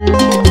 you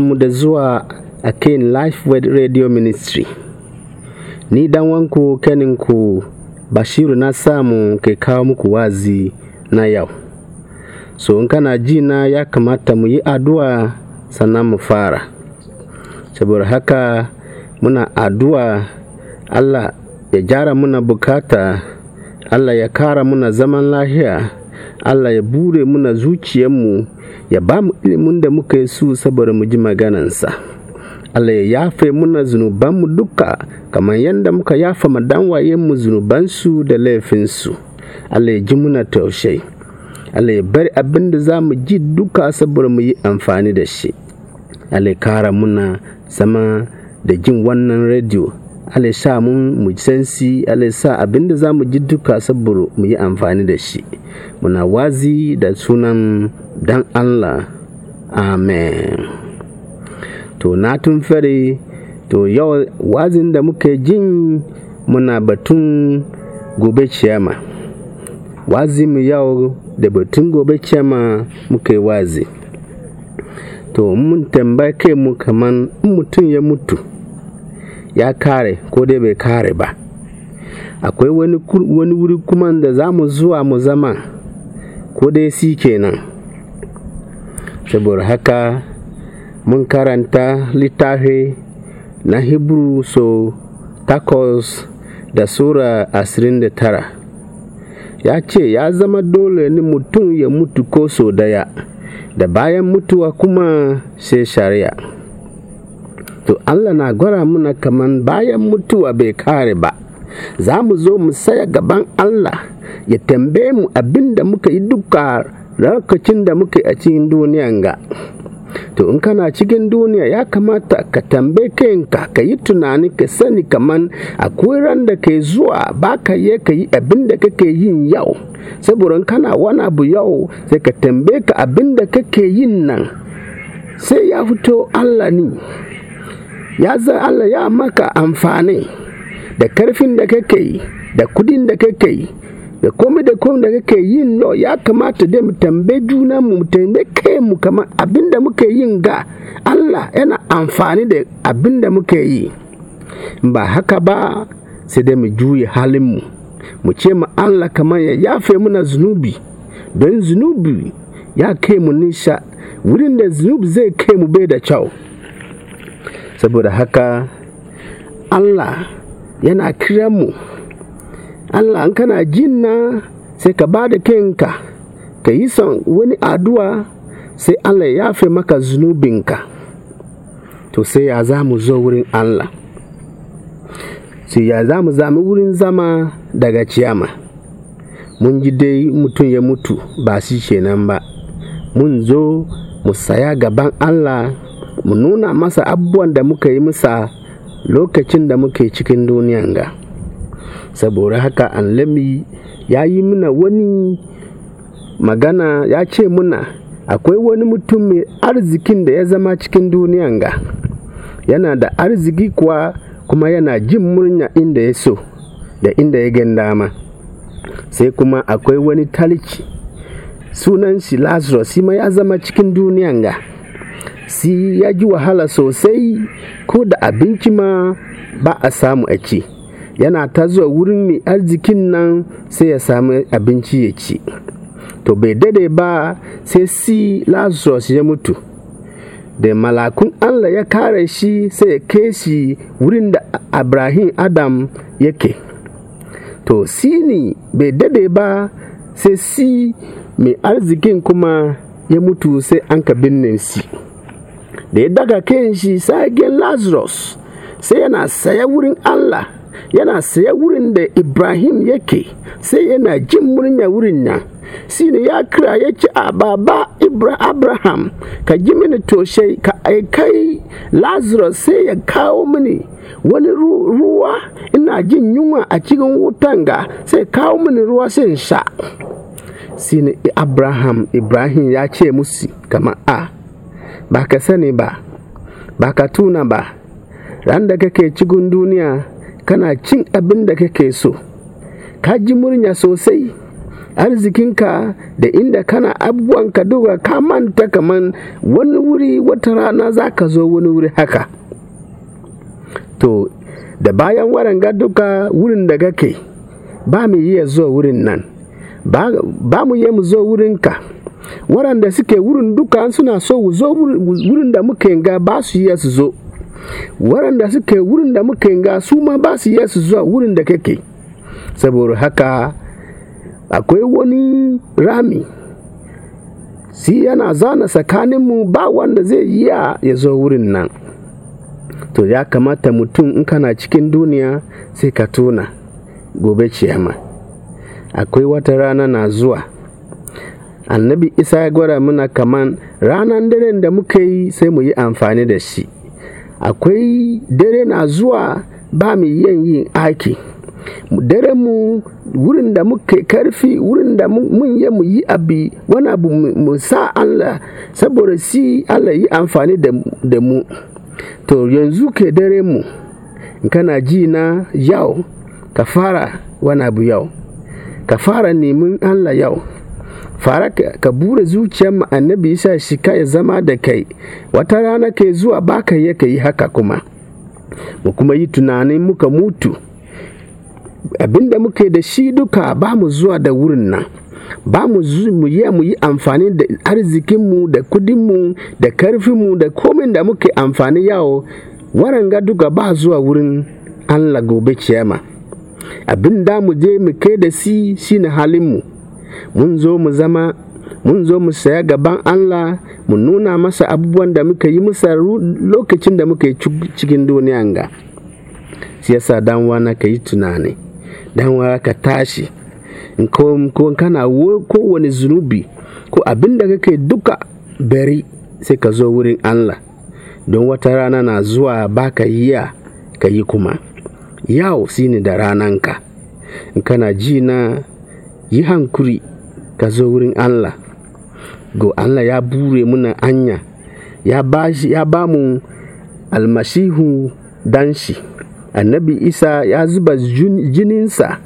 mu da zuwa a life Lifewed Radio Ministry. Ni dan wanku kaninku Bashiru na samu ke kawo muku wazi na yau. So nkana jina ya kamata mu yi addu'a sannan mu fara. Saboda haka muna adua Allah ya jara muna bukata, Allah ya kara muna zaman lahiya, Allah ya bure muna zuciyarmu. ya ba mu ilimin da muka yi su saboda mu ji maganansa Allah ya yafe muna zunubanmu duka kamar yadda muka yafa mu zunubansu da laifinsu Allah ya ji muna taushe Allah ya bari abin da za mu ji duka saboda mu yi amfani da shi Allah ya kara muna sama da jin wannan rediyo Allah sha mun mu sansi Allah sa abinda za mu ji duka saburo mu yi amfani da shi muna wazi da sunan dan Allah amen to na tun fere to yau wazin da muka jin muna batun gobe ciyama wazi mu yau da batun gobe ciyama muka wazi to mun tambaye kai mu kaman in mutum ya mutu ya kare ko dai bai kare ba akwai wani, wani wuri kuma da za mu zuwa mu zama ko dai si kenan saboda haka mun karanta littafi na hebrew so takos da sura 29 ya ce ya zama dole ne mutum ya mutu ko so daya da bayan mutuwa kuma sai shari'a Allah na gwara muna kaman bayan mutuwa bai kare ba za mu zo mu saya gaban Allah ya tambaye mu abin da muka yi duka lokacin da muka yi a cikin duniyan ga to in kana cikin duniya ya kamata ka tambaye kanka ka yi tunani ka sani kaman a ran da ke zuwa ba ka yi ka yi abin da kake yin yau saboda kana wani abu yau sai ka tambaye ka abin da kake yin nan sai ya fito Allah ne ya san Allah ya maka amfani da karfin da kake yi da kudin da kake yi da komai da komai da kake yin no ya kamata dai mu tambe juna mu tambe kai mu kamar abin da muke yin ga Allah yana amfani da abin da muke yi ba haka ba sai dai mu juye halin mu ce ma Allah kamar ya yafe muna zunubi don zunubi ya kai mu nisha wurin da zunubi zai kai mu bai da kyau saboda haka allah yana kiran mu allah an kana jinna sai ka ba da kenka ka yi son wani addu'a sai allah ya fi maka zunubinka to sai ya za mu zo wurin allah sai ya za mu zama wurin zama daga ciyama mun ji dai mutum ya mutu ba shi kenan ba mun zo mu saya gaban allah mu nuna masa abubuwan da muka yi masa lokacin da muke cikin duniyan ga saboda haka anlami ya yi muna wani magana ya ce muna akwai wani mutum mai arzikin da ya zama cikin duniyan ga yana da arziki kuwa kuma yana jin murya inda ya so da inda ya gan dama sai kuma akwai wani talici sunan shi lazarus ma ya zama cikin duniyan ga si ya ji wahala sosai ko da abinci ma ba a samu a ci yana ta zuwa wurin mai arzikin nan sai ya samu abinci ya ci to bai dade ba sai si lazarus ya mutu da malakun allah ya kare shi sai ya kai shi wurin da abrahim adam yake to sini bai dade ba sai si mai arzikin kuma ya mutu sai an ka binne si da ya daga kan shi sai ga lazarus sai yana saya wurin allah yana saya wurin da ibrahim yake sai yana jin murnya wurin nan shine ya kira ya a baba abraham ka ji mini toshe ka aikai lazarus sai ya kawo mini wani ruwa ina jin yunwa a cikin wutan ga sai kawo mini ruwa sai sha na abraham ibrahim ya ce musu a ba ka sani ba ba ka tuna ba ran da kake cikin duniya kana cin abin da kake so ka ji murya sosai arzikinka da inda kana ka duka ka manta kaman wani wuri wata rana za ka zo wani wuri haka to da bayan ga duka wurin da kake ba mu iya zo wurin nan ba mu iya mu zo wurinka waɗanda suke wurin duka suna so zo wurin da muka yanga ba su iya su zo waɗanda suke wurin da muka yanga su ma ba su iya su zuwa wurin da kake saboda haka akwai wani rami si yana zana mu ba wanda zai iya ya zo wurin nan to ya kamata mutum in kana cikin duniya sai ka tuna gobe ciyama akwai wata rana na zuwa annabi isa ya gwara muna kaman ranan daren da muka yi sai mu yi amfani da shi akwai dare na zuwa ba mu yin yin aiki dare mu wurin da muke karfi wurin da mun yi mu yi abi wani abu mu sa allah saboda si allah yi amfani da mu to yanzu ke dare mu kana ji na yau ka fara wani abu yau ka fara neman allah yau fara ka bura zuciyar mu annabi yasa shi ka ya zama da kai wata rana kai zuwa baka ya kai haka kuma mu kuma yi tunanin muka mutu abinda muke da shi duka ba mu zuwa da wurin nan ba mu yi mu yi amfani da arzikinmu da kudinmu da karfinmu da komin da muke amfani yawo ga duka ba zuwa wurin Allah gobe ciyama abin da mu je mu kai da si shi halin mu. mun zo mu zama mun zo mu saya gaban Allah mu nuna masa abubuwan da muka yi masa lokacin da muka yi cikin duniyan ga siyasa danwa na ka yi tunani danwa ka tashi in ko kana kowane zunubi ko abin da kake duka bari sai ka zo wurin Allah don wata rana na zuwa baka yiya ka yi kuma yau shine da rananka in kana ji na yi hankuri ka zo wurin Allah go Allah ya bure muna anya ya ba ya ba mu almasihu danshi annabi isa ya zuba jininsa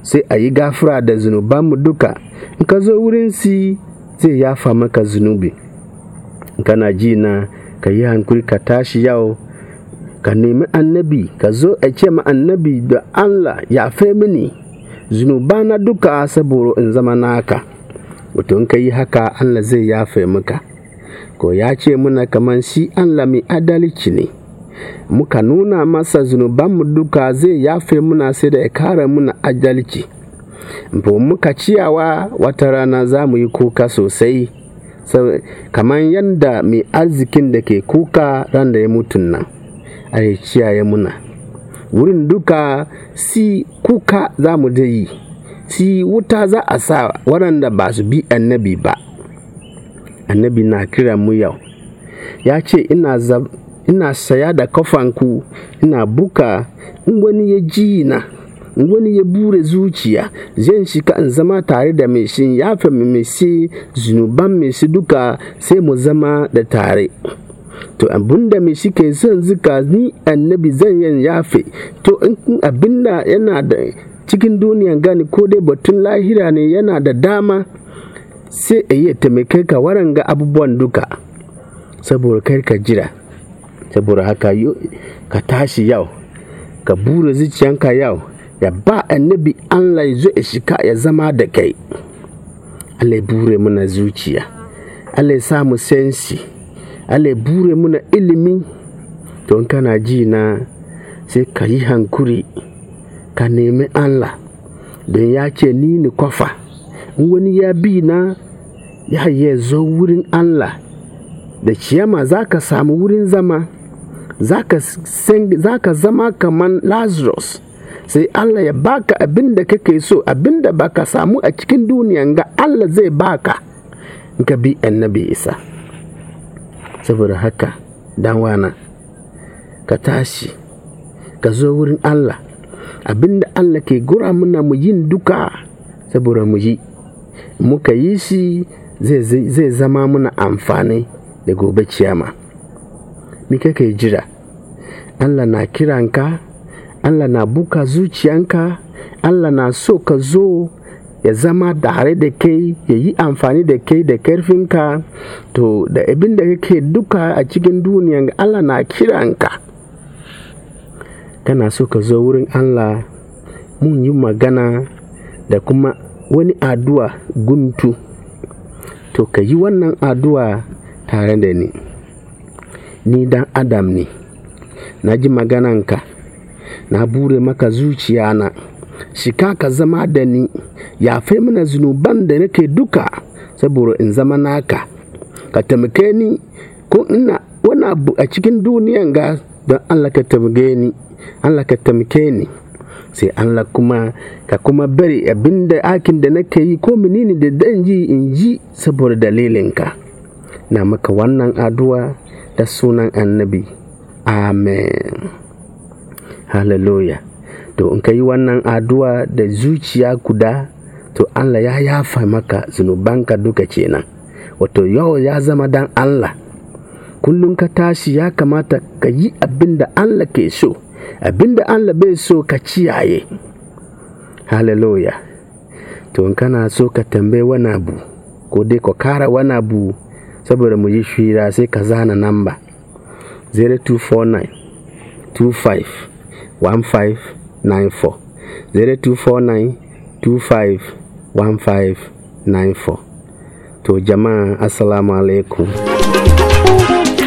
sai a yi gafura da zunubanmu duka in ka zo wurin si zai yafa maka zunubi in kana ji na ka yi hankuri ka tashi yau ka nemi annabi ka zo a ce ma annabi da Allah ya fe mini na duka saboda in zama naka mutum ka yi haka Allah zai yafe muka ko ya ce muna kamar shi Allah mai adalci ne muka nuna masa zunuban mu duka zai yafe muna sai da ya kare muna adalci ba muka ciyawa wata rana za mu yi kuka sosai kamar yadda mai arzikin da ke kuka ran da ya mutun nan a ciyaye muna wurin duka si kuka za mu je yi si wuta za a sa waɗanda ba su bi annabi ba annabi na kira mu yau ya ce ina saya da kafanku ina buka in wani ya ji na in wani ya bure zuciya zan shiga in zama tare da mai shin fi mai shi, zunuban mai shi, duka sai mu zama da tare to abinda mai shi ke son zuka ni annabi zan ya yafe to in abinda yana da cikin duniyan gani ko dai batun lahira ne yana da dama sai a yi taimakai ka ga abubuwan duka saboda kai ka jira saboda haka ka tashi yau ka bura zuciyanka yau ya ba annabi Allah ya zo ya shika ya zama da kai Allah ya bure mana zuciya Allah ya samu sensi Ale bure muna ilimi to kana ji na sai ka yi hankuri ka nemi Allah don ya ce ni ni kwafa in wani ya bi na ya ya zo wurin Allah da ciyama za ka samu wurin zama za ka zama kaman Lazarus sai Allah ya baka abinda da kake so Abinda da baka samu a cikin duniya ga Allah zai baka in ka bi annabi Isa saboda haka dawana ka tashi ka zo wurin Allah abinda Allah ke gura muna mu yin duka saboda mu yi muka yi shi zai zama muna amfani da gobe ciyama ka kake jira Allah na kiranka Allah na buka zuciyanka Allah na so ka zo ya zama tare da kai ya yi amfani da kai da karfinka to da abin da kake duka a cikin duniyan Allah na kiranka kana so ka zo wurin Allah mun yi magana da kuma wani addu'a guntu to ka yi wannan addu'a tare da ni ni dan adam ne na ji ka na bure maka zuciya na shika ka zama da ni yafe mana zunuban da nake duka saboda in zama naka ka taimake ni ko ina wani abu a cikin duniyan ga don Allah ka taimake ni Allah ka taimake ni sai Allah kuma ka kuma bari abinda akin da nake yi ko menene da dan ji in ji saboda dalilinka na maka wannan addu'a da sunan annabi amen hallelujah to in ka yi wannan addu'a da zuciya guda to Allah ya yafa maka zunubanka duka kenan wato yau ya zama dan Allah kullum ka tashi ya kamata ka yi abin da Allah ke so abin da Allah bai so ka ciyaye hallelujah to in kana so ka tambaye wani abu ko dai ka kara wani abu saboda mu yi shira sai ka zana namba 0249 25 15 94 to jama'a assalamu alaikum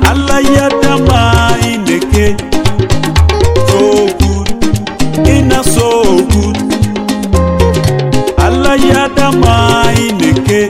Allah ya dama ineke so good ina so good Allah ya dama ineke